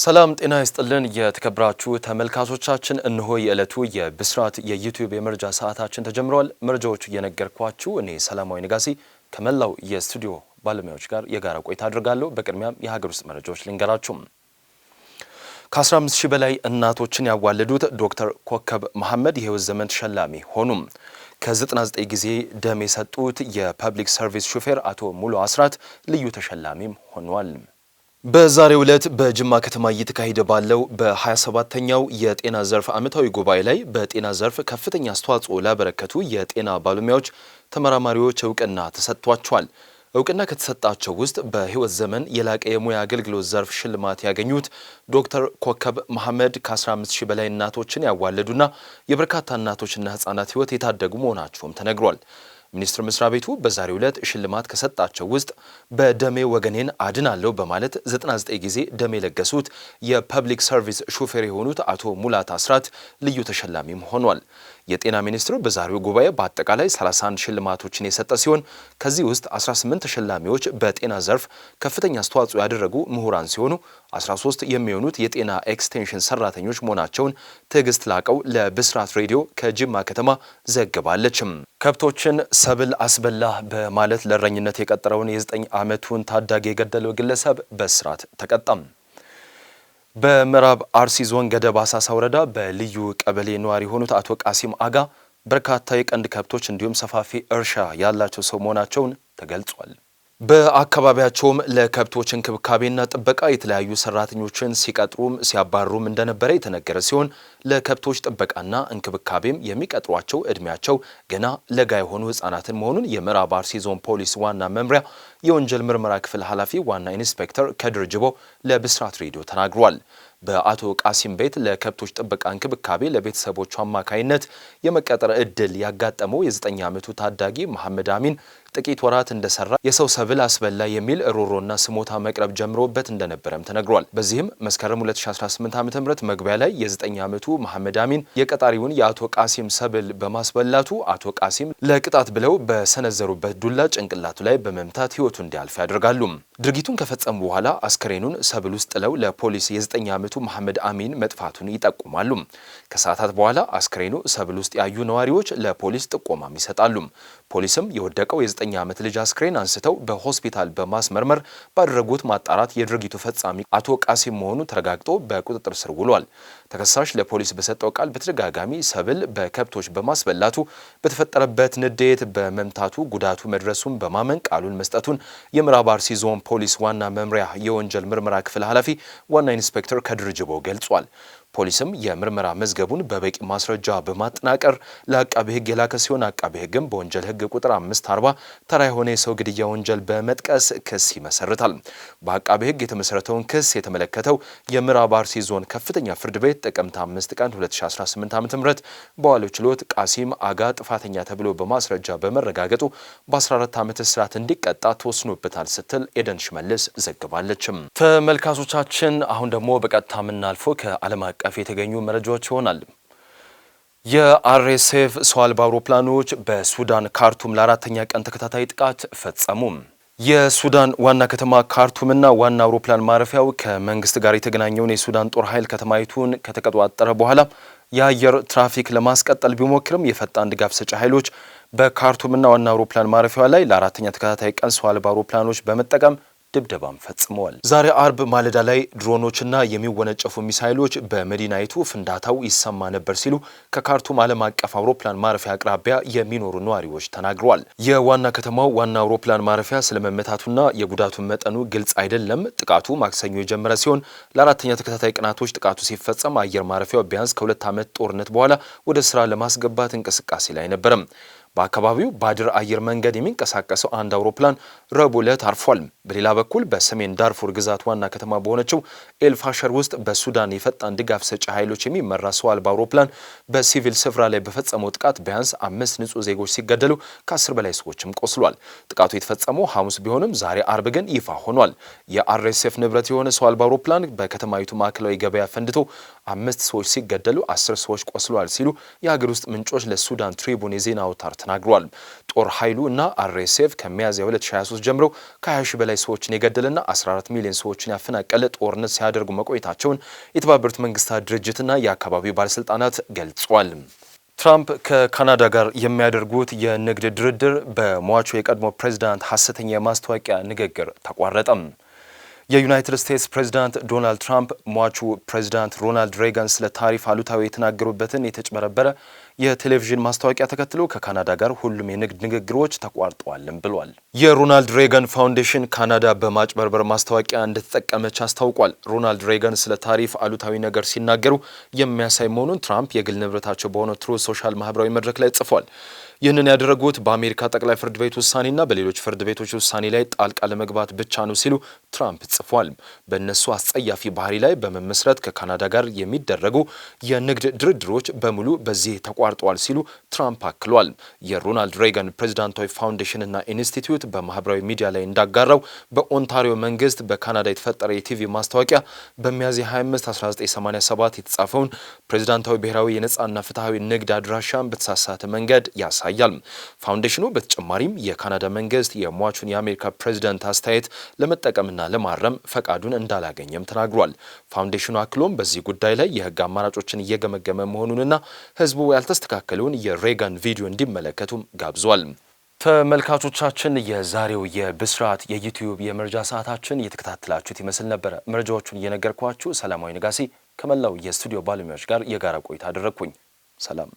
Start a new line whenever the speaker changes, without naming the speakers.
ሰላም ጤና ይስጥልን የተከብራችሁ ተመልካቾቻችን፣ እንሆ የዕለቱ የብስራት የዩቲዩብ የመረጃ ሰዓታችን ተጀምረዋል። መረጃዎቹ እየነገርኳችሁ እኔ ሰላማዊ ንጋሴ ከመላው የስቱዲዮ ባለሙያዎች ጋር የጋራ ቆይታ አድርጋለሁ። በቅድሚያም የሀገር ውስጥ መረጃዎች ልንገራችሁ። ከ15 ሺህ በላይ እናቶችን ያዋለዱት ዶክተር ኮከብ መሐመድ የህይወት ዘመን ተሸላሚ ሆኑም። ከ99 ጊዜ ደም የሰጡት የፐብሊክ ሰርቪስ ሹፌር አቶ ሙሉ አስራት ልዩ ተሸላሚም ሆኗል። በዛሬው ዕለት በጅማ ከተማ እየተካሄደ ባለው በ27ተኛው የጤና ዘርፍ ዓመታዊ ጉባኤ ላይ በጤና ዘርፍ ከፍተኛ አስተዋጽኦ ላበረከቱ የጤና ባለሙያዎች፣ ተመራማሪዎች እውቅና ተሰጥቷቸዋል። እውቅና ከተሰጣቸው ውስጥ በህይወት ዘመን የላቀ የሙያ አገልግሎት ዘርፍ ሽልማት ያገኙት ዶክተር ኮከብ መሐመድ ከ15 ሺህ በላይ እናቶችን ያዋለዱና የበርካታ እናቶችና ህጻናት ህይወት የታደጉ መሆናቸውም ተነግሯል። ሚኒስቴር መስሪያ ቤቱ በዛሬው ዕለት ሽልማት ከሰጣቸው ውስጥ በደሜ ወገኔን አድናለሁ በማለት 99 ጊዜ ደሜ የለገሱት የፐብሊክ ሰርቪስ ሹፌር የሆኑት አቶ ሙላት አስራት ልዩ ተሸላሚም ሆኗል። የጤና ሚኒስትሩ በዛሬው ጉባኤ በአጠቃላይ 31 ሽልማቶችን የሰጠ ሲሆን ከዚህ ውስጥ 18 ተሸላሚዎች በጤና ዘርፍ ከፍተኛ አስተዋጽኦ ያደረጉ ምሁራን ሲሆኑ 13 የሚሆኑት የጤና ኤክስቴንሽን ሰራተኞች መሆናቸውን ትዕግስት ላቀው ለብስራት ሬዲዮ ከጅማ ከተማ ዘግባለች። ከብቶችን ሰብል አስበላ በማለት ለእረኝነት የቀጠረውን የ9 ዓመቱን ታዳጊ የገደለው ግለሰብ በእስራት ተቀጣም። በምዕራብ አርሲ ዞን ገደብ አሳሳ ወረዳ በልዩ ቀበሌ ነዋሪ የሆኑት አቶ ቃሲም አጋ በርካታ የቀንድ ከብቶች እንዲሁም ሰፋፊ እርሻ ያላቸው ሰው መሆናቸውን ተገልጿል። በአካባቢያቸውም ለከብቶች እንክብካቤና ጥበቃ የተለያዩ ሰራተኞችን ሲቀጥሩም ሲያባሩም እንደነበረ የተነገረ ሲሆን ለከብቶች ጥበቃና እንክብካቤም የሚቀጥሯቸው እድሜያቸው ገና ለጋ የሆኑ ህጻናትን መሆኑን የምዕራብ አርሲ ዞን ፖሊስ ዋና መምሪያ የወንጀል ምርመራ ክፍል ኃላፊ ዋና ኢንስፔክተር ከድር ጅቦ ለብስራት ሬዲዮ ተናግሯል። በአቶ ቃሲም ቤት ለከብቶች ጥበቃ እንክብካቤ ለቤተሰቦቹ አማካይነት የመቀጠር እድል ያጋጠመው የዘጠኝ ዓመቱ ታዳጊ መሐመድ አሚን ጥቂት ወራት እንደሰራ የሰው ሰብል አስበላ የሚል ሮሮና ስሞታ መቅረብ ጀምሮበት እንደነበረም ተነግሯል። በዚህም መስከረም 2018 ዓ ም መግቢያ ላይ የ9 ዓመቱ መሐመድ አሚን የቀጣሪውን የአቶ ቃሲም ሰብል በማስበላቱ አቶ ቃሲም ለቅጣት ብለው በሰነዘሩበት ዱላ ጭንቅላቱ ላይ በመምታት ህይወቱ እንዲያልፍ ያደርጋሉ። ድርጊቱን ከፈጸሙ በኋላ አስክሬኑን ሰብል ውስጥ ጥለው ለፖሊስ የ9 ዓመቱ መሐመድ አሚን መጥፋቱን ይጠቁማሉ። ከሰዓታት በኋላ አስክሬኑ ሰብል ውስጥ ያዩ ነዋሪዎች ለፖሊስ ጥቆማም ይሰጣሉ። ፖሊስም የወደቀው የዘጠኝ ዓመት ልጅ አስክሬን አንስተው በሆስፒታል በማስመርመር ባደረጉት ማጣራት የድርጊቱ ፈጻሚ አቶ ቃሲም መሆኑ ተረጋግጦ በቁጥጥር ስር ውሏል። ተከሳሽ ለፖሊስ በሰጠው ቃል በተደጋጋሚ ሰብል በከብቶች በማስበላቱ በተፈጠረበት ንዴት በመምታቱ ጉዳቱ መድረሱን በማመን ቃሉን መስጠቱን የምዕራብ አርሲ ዞን ፖሊስ ዋና መምሪያ የወንጀል ምርመራ ክፍል ኃላፊ ዋና ኢንስፔክተር ከድርጅቦ ገልጿል። ፖሊስም የምርመራ መዝገቡን በበቂ ማስረጃ በማጠናቀር ለአቃቤ ሕግ የላከ ሲሆን አቃቤ ሕግም በወንጀል ሕግ ቁጥር 540 ተራ የሆነ የሰው ግድያ ወንጀል በመጥቀስ ክስ ይመሰርታል። በአቃቤ ሕግ የተመሰረተውን ክስ የተመለከተው የምዕራብ አርሲ ዞን ከፍተኛ ፍርድ ቤት ጥቅምት 5 ቀን 2018 ዓ.ም በዋለው ችሎት ቃሲም አጋ ጥፋተኛ ተብሎ በማስረጃ በመረጋገጡ በ14 ዓመት እስራት እንዲቀጣ ተወስኖበታል ስትል ኤደን ሽመልስ ዘግባለችም። ተመልካቾቻችን አሁን ደግሞ በቀጥታ የምናልፈው ከዓለም አቀፍ አቀፍ የተገኙ መረጃዎች ይሆናል። የአርኤስኤፍ ሰው አልባ አውሮፕላኖች በሱዳን ካርቱም ለአራተኛ ቀን ተከታታይ ጥቃት ፈጸሙ። የሱዳን ዋና ከተማ ካርቱምና ዋና አውሮፕላን ማረፊያው ከመንግስት ጋር የተገናኘውን የሱዳን ጦር ኃይል ከተማይቱን ከተቆጣጠረ በኋላ የአየር ትራፊክ ለማስቀጠል ቢሞክርም የፈጣን ድጋፍ ሰጪ ኃይሎች በካርቱምና ዋና አውሮፕላን ማረፊያ ላይ ለአራተኛ ተከታታይ ቀን ሰው አልባ አውሮፕላኖች በመጠቀም ድብደባም ፈጽመዋል። ዛሬ አርብ ማለዳ ላይ ድሮኖችና የሚወነጨፉ ሚሳይሎች በመዲናይቱ ፍንዳታው ይሰማ ነበር ሲሉ ከካርቱም ዓለም አቀፍ አውሮፕላን ማረፊያ አቅራቢያ የሚኖሩ ነዋሪዎች ተናግረዋል። የዋና ከተማው ዋና አውሮፕላን ማረፊያ ስለመመታቱና የጉዳቱን መጠኑ ግልጽ አይደለም። ጥቃቱ ማክሰኞ የጀመረ ሲሆን ለአራተኛ ተከታታይ ቅናቶች ጥቃቱ ሲፈጸም አየር ማረፊያው ቢያንስ ከሁለት ዓመት ጦርነት በኋላ ወደ ስራ ለማስገባት እንቅስቃሴ ላይ ነበረም። በአካባቢው ባድር አየር መንገድ የሚንቀሳቀሰው አንድ አውሮፕላን ረቡዕ ዕለት አርፏል። በሌላ በኩል በሰሜን ዳርፉር ግዛት ዋና ከተማ በሆነችው ኤልፋሸር ውስጥ በሱዳን የፈጣን ድጋፍ ሰጪ ኃይሎች የሚመራ ሰው አልባ አውሮፕላን በሲቪል ስፍራ ላይ በፈጸመው ጥቃት ቢያንስ አምስት ንጹህ ዜጎች ሲገደሉ ከአስር በላይ ሰዎችም ቆስሏል። ጥቃቱ የተፈጸመው ሐሙስ ቢሆንም ዛሬ አርብ ግን ይፋ ሆኗል። የአርኤስኤፍ ንብረት የሆነ ሰው አልባ አውሮፕላን በከተማይቱ ማዕከላዊ ገበያ ፈንድቶ አምስት ሰዎች ሲገደሉ አስር ሰዎች ቆስሏል ሲሉ የሀገር ውስጥ ምንጮች ለሱዳን ትሪቡን የዜና አውታር ተናግሯል። ጦር ኃይሉ እና አርኤስኤፍ ከሚያዝያ 2023 ጀምሮ ከ20 ሺህ በላይ ሰዎችን የገደለና 14 ሚሊዮን ሰዎችን ያፈናቀለ ጦርነት ሲያደርጉ መቆየታቸውን የተባበሩት መንግስታት ድርጅትና የአካባቢው ባለስልጣናት ገልጿል። ትራምፕ ከካናዳ ጋር የሚያደርጉት የንግድ ድርድር በሟቹ የቀድሞ ፕሬዚዳንት ሀሰተኛ የማስታወቂያ ንግግር ተቋረጠም። የዩናይትድ ስቴትስ ፕሬዚዳንት ዶናልድ ትራምፕ ሟቹ ፕሬዚዳንት ሮናልድ ሬጋን ስለ ታሪፍ አሉታዊ የተናገሩበትን የተጭበረበረ የቴሌቪዥን ማስታወቂያ ተከትሎ ከካናዳ ጋር ሁሉም የንግድ ንግግሮች ተቋርጠዋልም ብሏል። የሮናልድ ሬጋን ፋውንዴሽን ካናዳ በማጭበርበር ማስታወቂያ እንደተጠቀመች አስታውቋል። ሮናልድ ሬጋን ስለ ታሪፍ አሉታዊ ነገር ሲናገሩ የሚያሳይ መሆኑን ትራምፕ የግል ንብረታቸው በሆነ ትሩ ሶሻል ማህበራዊ መድረክ ላይ ጽፏል። ይህንን ያደረጉት በአሜሪካ ጠቅላይ ፍርድ ቤት ውሳኔና በሌሎች ፍርድ ቤቶች ውሳኔ ላይ ጣልቃ ለመግባት ብቻ ነው ሲሉ ትራምፕ ጽፏል። በእነሱ አስጸያፊ ባህሪ ላይ በመመስረት ከካናዳ ጋር የሚደረጉ የንግድ ድርድሮች በሙሉ በዚህ ተቋርጠዋል ሲሉ ትራምፕ አክሏል። የሮናልድ ሬገን ፕሬዚዳንታዊ ፋውንዴሽንና ኢንስቲትዩት በማህበራዊ ሚዲያ ላይ እንዳጋራው በኦንታሪዮ መንግስት በካናዳ የተፈጠረ የቲቪ ማስታወቂያ በሚያዝያ 25 1987 የተጻፈውን ፕሬዚዳንታዊ ብሔራዊ የነጻና ፍትሐዊ ንግድ አድራሻን በተሳሳተ መንገድ ያሳያል ይታያል። ፋውንዴሽኑ በተጨማሪም የካናዳ መንግስት የሟቹን የአሜሪካ ፕሬዚደንት አስተያየት ለመጠቀምና ለማረም ፈቃዱን እንዳላገኘም ተናግሯል። ፋውንዴሽኑ አክሎም በዚህ ጉዳይ ላይ የህግ አማራጮችን እየገመገመ መሆኑንና ህዝቡ ያልተስተካከለውን የሬጋን ቪዲዮ እንዲመለከቱም ጋብዟል። ተመልካቾቻችን የዛሬው የብስራት የዩቲዩብ የመረጃ ሰዓታችን እየተከታተላችሁት ይመስል ነበረ። መረጃዎቹን እየነገርኳችሁ ሰላማዊ ንጋሴ ከመላው የስቱዲዮ ባለሙያዎች ጋር የጋራ ቆይታ አደረግኩኝ። ሰላም